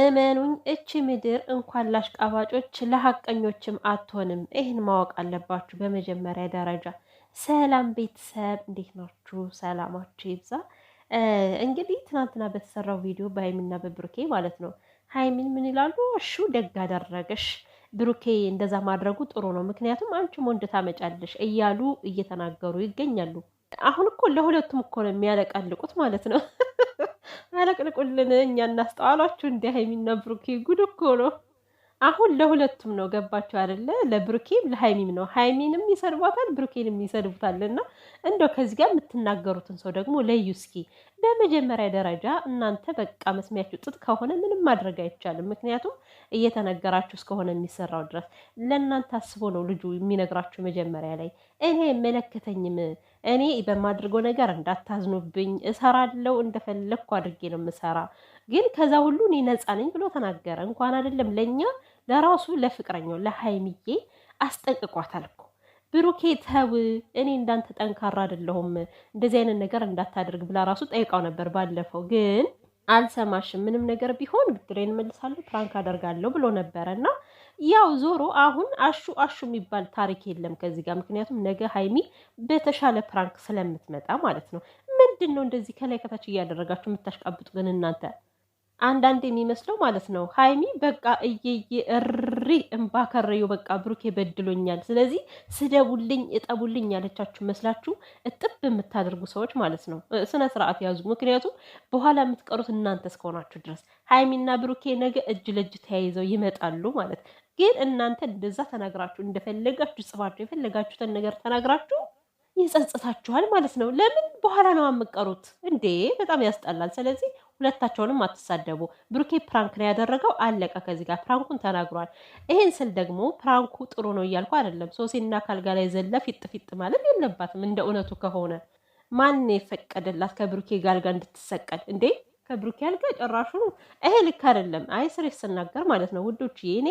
እመኑኝ እቺ ምድር እንኳን ላሽቃባጮች ለሀቀኞችም አትሆንም። ይህን ማወቅ አለባችሁ በመጀመሪያ ደረጃ። ሰላም ቤተሰብ እንዴት ናችሁ? ሰላማችሁ ይብዛ። እንግዲህ ትናንትና በተሰራው ቪዲዮ በሀይሚና በብሩኬ ማለት ነው። ሀይሚን ምን ይላሉ? እሹ ደግ አደረገሽ ብሩኬ እንደዛ ማድረጉ ጥሩ ነው፣ ምክንያቱም አንቺም ወንድ ታመጫለሽ እያሉ እየተናገሩ ይገኛሉ። አሁን እኮ ለሁለቱም እኮ ነው የሚያለቃልቁት ማለት ነው አለቅልቁልን እኛ እናስጠዋሏችሁ። እንደ ሀይሚና ብሩኬ ጉድ እኮ ነው። አሁን ለሁለቱም ነው ገባችሁ አይደለ? ለብሩኬም ለሀይሚም ነው። ሀይሚንም ይሰድቧታል፣ ብሩኬንም ይሰድቡታል። እና እንደው ከዚህ ጋር የምትናገሩትን ሰው ደግሞ ለዩ እስኪ። በመጀመሪያ ደረጃ እናንተ በቃ መስሚያችሁ ጥጥ ከሆነ ምንም ማድረግ አይቻልም። ምክንያቱም እየተነገራችሁ እስከሆነ የሚሰራው ድረስ ለእናንተ አስቦ ነው ልጁ የሚነግራችሁ መጀመሪያ ላይ እኔ መለከተኝም እኔ በማድርገው ነገር እንዳታዝኑብኝ፣ እሰራለው እንደፈለግኩ አድርጌ ነው የምሰራ። ግን ከዛ ሁሉ እኔ ነፃ ነኝ ብሎ ተናገረ። እንኳን አይደለም ለእኛ ለራሱ ለፍቅረኛው ለሀይሚዬ አስጠንቅቋታል እኮ ብሩኬ ተው፣ እኔ እንዳንተ ጠንካራ አይደለሁም እንደዚህ አይነት ነገር እንዳታደርግ ብላ ራሱ ጠይቃው ነበር ባለፈው ግን አልሰማሽም፣ ምንም ነገር ቢሆን ብድሬን እመልሳለሁ፣ ፕራንክ አደርጋለሁ ብሎ ነበረ እና ያው ዞሮ አሁን አሹ አሹ የሚባል ታሪክ የለም ከዚህ ጋር። ምክንያቱም ነገ ሀይሚ በተሻለ ፕራንክ ስለምትመጣ ማለት ነው። ምንድን ነው እንደዚህ ከላይ ከታች እያደረጋችሁ የምታሽቃብጡ ግን እናንተ? አንዳንድ የሚመስለው ማለት ነው ሀይሚ በቃ እየየ እሪ እምባ ከረዩ በቃ ብሩኬ በድሎኛል፣ ስለዚህ ስደቡልኝ፣ እጠቡልኝ ያለቻችሁ መስላችሁ እጥብ የምታደርጉ ሰዎች ማለት ነው ስነ ስርዓት ያዙ። ምክንያቱም በኋላ የምትቀሩት እናንተ እስከሆናችሁ ድረስ ሀይሚና ብሩኬ ነገ እጅ ለእጅ ተያይዘው ይመጣሉ ማለት ግን እናንተ እንደዛ ተናግራችሁ እንደፈለጋችሁ ጽፋችሁ የፈለጋችሁትን ነገር ተናግራችሁ ይጸጽታችኋል ማለት ነው። ለምን በኋላ ነው የምትቀሩት እንዴ? በጣም ያስጠላል። ስለዚህ ሁለታቸውንም አትሳደቡ። ብሩኬ ፕራንክ ነው ያደረገው፣ አለቀ። ከዚህ ጋር ፕራንኩን ተናግሯል። ይሄን ስል ደግሞ ፕራንኩ ጥሩ ነው እያልኩ አይደለም። ሶሴና ካልጋ ላይ ዘለ ፊጥ ፊጥ ማለት የለባትም እንደ እውነቱ ከሆነ ማን የፈቀደላት ከብሩኬ ጋልጋ እንድትሰቀል እንዴ? ከብሩክ ያልጋ ጨራሹ ይሄ ልክ አይደለም። አይ ስሬ ስናገር ማለት ነው ውዶች፣ እኔ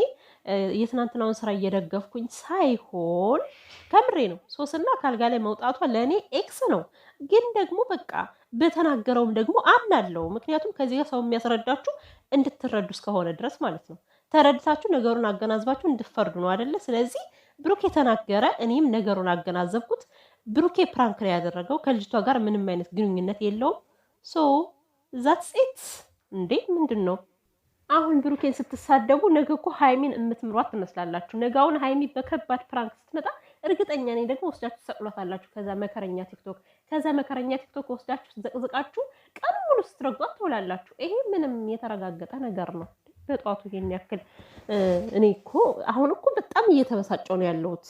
የትናንትናውን ስራ እየደገፍኩኝ ሳይሆን ከምሬ ነው። ሶስና ካልጋ ላይ መውጣቷ ለእኔ ኤክስ ነው፣ ግን ደግሞ በቃ በተናገረውም ደግሞ አምናለው። ምክንያቱም ከዚህ ጋር ሰው የሚያስረዳችሁ እንድትረዱ እስከሆነ ድረስ ማለት ነው። ተረድታችሁ ነገሩን አገናዝባችሁ እንድፈርዱ ነው አደለ? ስለዚህ ብሩክ የተናገረ እኔም ነገሩን አገናዘብኩት። ብሩኬ ፕራንክ ላይ ያደረገው። ከልጅቷ ጋር ምንም አይነት ግንኙነት የለውም ሶ ዛት ሴት እንዴ! ምንድን ነው አሁን? ብሩኬን ስትሳደቡ ነገ እኮ ሀይሚን የምትምሯት ትመስላላችሁ። ነጋውን ሀይሚ በከባድ ፕራንክ ስትመጣ እርግጠኛ ነኝ ደግሞ ወስዳችሁ ትሰቅሏታላችሁ። ከዛ መከረኛ ቲክቶክ ከዛ መከረኛ ቲክቶክ ወስዳችሁ ትዘቅዝቃችሁ ቀን ሙሉ ስትረግጧት ትውላላችሁ። ይሄ ምንም የተረጋገጠ ነገር ነው። በጠዋቱ ይሄን ያክል እኔ እኮ አሁን እኮ በጣም እየተበሳጨው ነው ያለሁት።